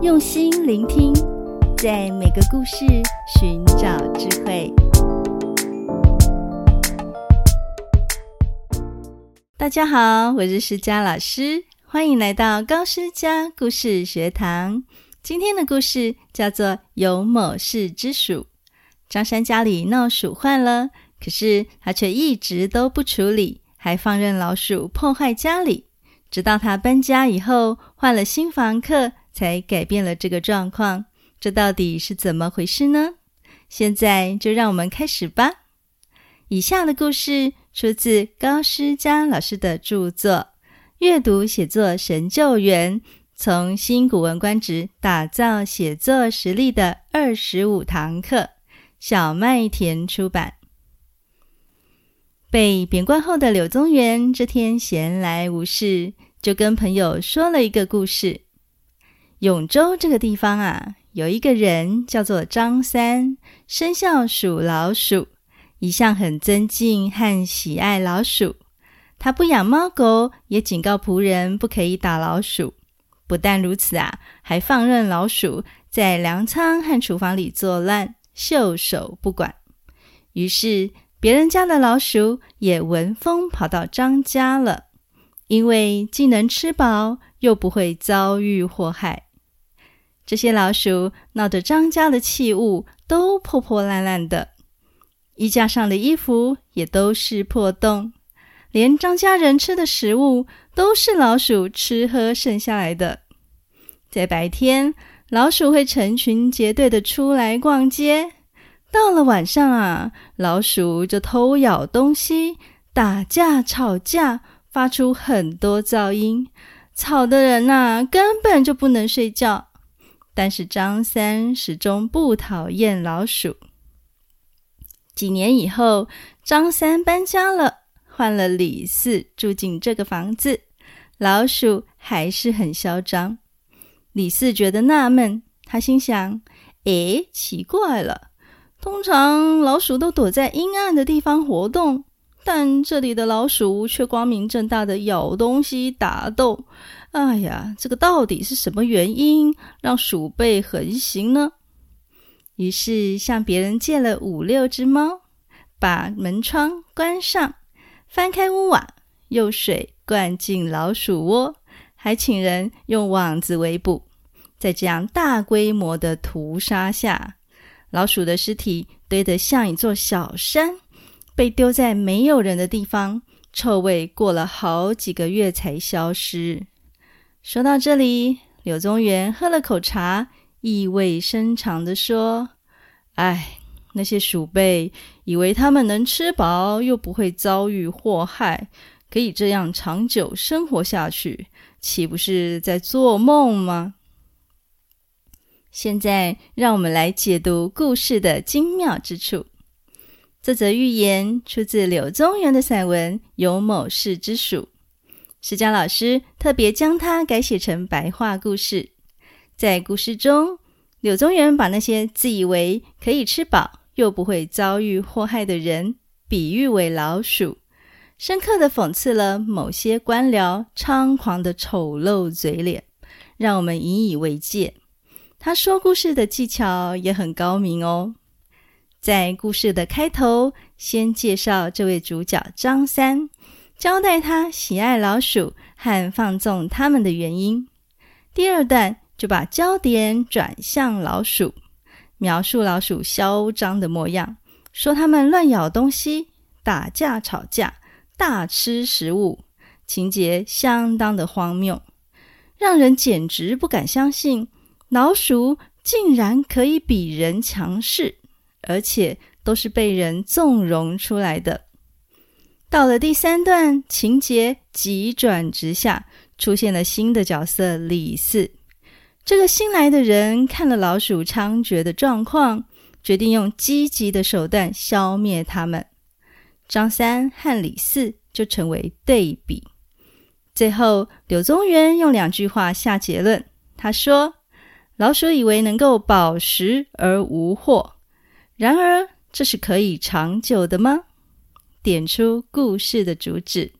用心聆聽，在每個故事尋找智慧。大家好，我是詩佳老師，歡迎來到高詩佳故事學堂。今天的故事叫做《永某氏之鼠》，張三家裡鬧鼠患了，可是他卻一直都不處理，還放任老鼠破壞家裡。直到他搬家以後，換了新房客。才改變了這個狀況，這到底是怎麼回事呢？現在就讓我們開始吧。以下的故事出自高詩佳老師的著作《閱讀寫作神救援：從新古文觀止打造寫作實力的二十五堂課》，小麥田出版。被貶官後的柳宗元，這天閒來無事，就跟朋友說了一個故事。永州這個地方啊，有一個人叫做張三，生肖屬老鼠，一向很尊敬和喜愛老鼠。他不養貓狗，也警告僕人不可以打老鼠。不但如此啊，還放任老鼠在糧倉和廚房裡作亂，袖手不管。於是，別人家的老鼠也聞風跑到張家了，因為既能吃飽，又不會遭遇禍害。這些老鼠鬧得張家的器物都破破爛爛的，衣架上的衣服也都是破洞，連張家人吃的食物都是老鼠吃喝剩下來的。在白天，老鼠會成群結隊的出來逛街；到了晚上啊，老鼠就偷咬東西、打架、吵架，發出很多噪音，吵的人吶、啊、根本就不能睡覺。但是張三始終不討厭老鼠。幾年以後，張三搬家了，換了李四住進這個房子，老鼠還是很囂張。李四覺得納悶，他心想：“誒，奇怪了，通常老鼠都躲在陰暗的地方活動，但這裡的老鼠卻光明正大的咬東西、打鬥。”哎呀，這個到底是什麼原因讓鼠輩橫行呢？於是向別人借了五六隻貓，把門窗關上，翻開屋瓦，用水灌進老鼠窩，還請人用網子圍捕。在這樣大規模的屠殺下，老鼠的屍體堆得像一座小山，被丟在沒有人的地方，臭味過了好幾個月才消失。說到這裡，柳宗元喝了口茶，意味深長地說：“哎，那些鼠輩以為他們能吃飽，又不會遭遇禍害，可以這樣長久生活下去，豈不是在做夢嗎？”現在，讓我們來解讀故事的精妙之處。這則寓言出自柳宗元的散文《永某氏之鼠》。詩佳老師特別將它改寫成白話故事，在故事中，柳宗元把那些自以為可以吃飽又不會遭遇禍害的人，比喻為老鼠，深刻地諷刺了某些官僚猖狂的醜陋嘴臉，讓我們引以為戒。他說故事的技巧也很高明哦，在故事的開頭，先介紹這位主角張三。交代他喜愛老鼠和放縱他們的原因。第二段就把焦點轉向老鼠，描述老鼠囂張的模樣，說他們亂咬東西、打架吵架、大吃食物，情節相當的荒謬，讓人簡直不敢相信，老鼠竟然可以比人強勢，而且都是被人縱容出來的。到了第三段，情節急轉直下，出現了新的角色李四。這個新來的人看了老鼠猖獗的狀況，決定用積極的手段消滅他們。張三和李四就成為對比。最後，柳宗元用兩句話下結論：他說，老鼠以為能夠飽食而無禍，然而這是可以長久的嗎？點出故事的主旨。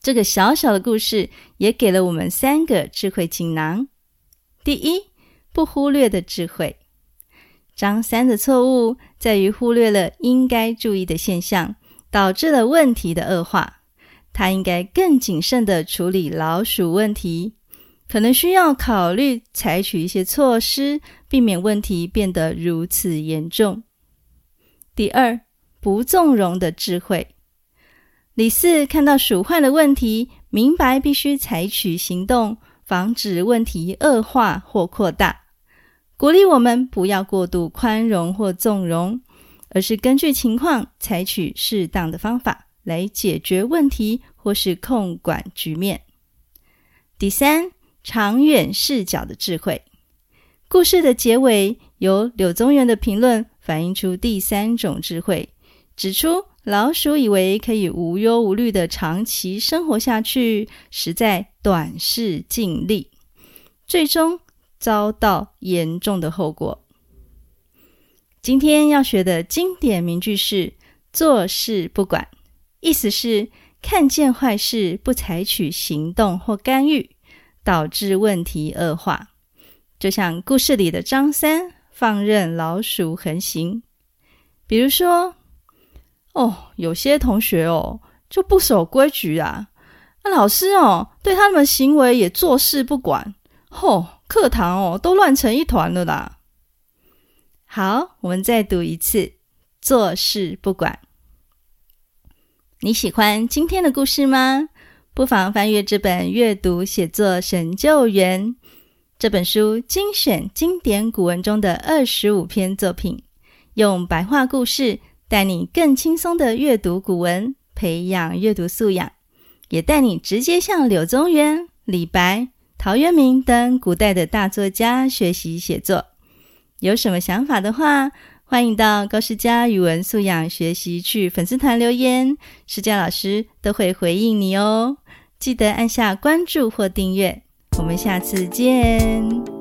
這個小小的故事也給了我們三個智慧錦囊：第一，不忽略的智慧。張三的錯誤在於忽略了應該注意的現象，導致了問題的惡化。他應該更謹慎地處理老鼠問題，可能需要考慮採取一些措施，避免問題變得如此嚴重。第二，不縱容的智慧。李四看到鼠患的問題，明白必須採取行動，防止問題惡化或擴大。鼓勵我們不要過度寬容或縱容，而是根據情況採取適當的方法來解決問題或是控管局面。第三，長遠視角的智慧。故事的結尾由柳宗元的評論反映出第三種智慧。指出，老鼠以為可以無憂無慮的長期生活下去，實在短視近利，最終遭到嚴重的後果。今天要學的經典名句是“坐視不管”，意思是看見壞事不採取行動或干預，導致問題惡化。就像故事裡的張三放任老鼠橫行，比如說。哦，有些同學哦就不守規矩啊，那老師哦對他們行為也坐視不管，吼、哦，課堂哦都亂成一團了啦。好，我們再讀一次，坐視不管。你喜歡今天的故事嗎？不妨翻閱這本《閱讀寫作神救援》這本書，精選經典古文中的二十五篇作品，用白話故事。帶你更輕鬆地閱讀古文，培養閱讀素養，也帶你直接向柳宗元、李白、陶淵明等古代的大作家學習寫作。有什麼想法的話，歡迎到高詩佳語文素養學習趣粉絲團留言，詩佳老師都會回應你哦。記得按下關注或訂閱，我們下次見。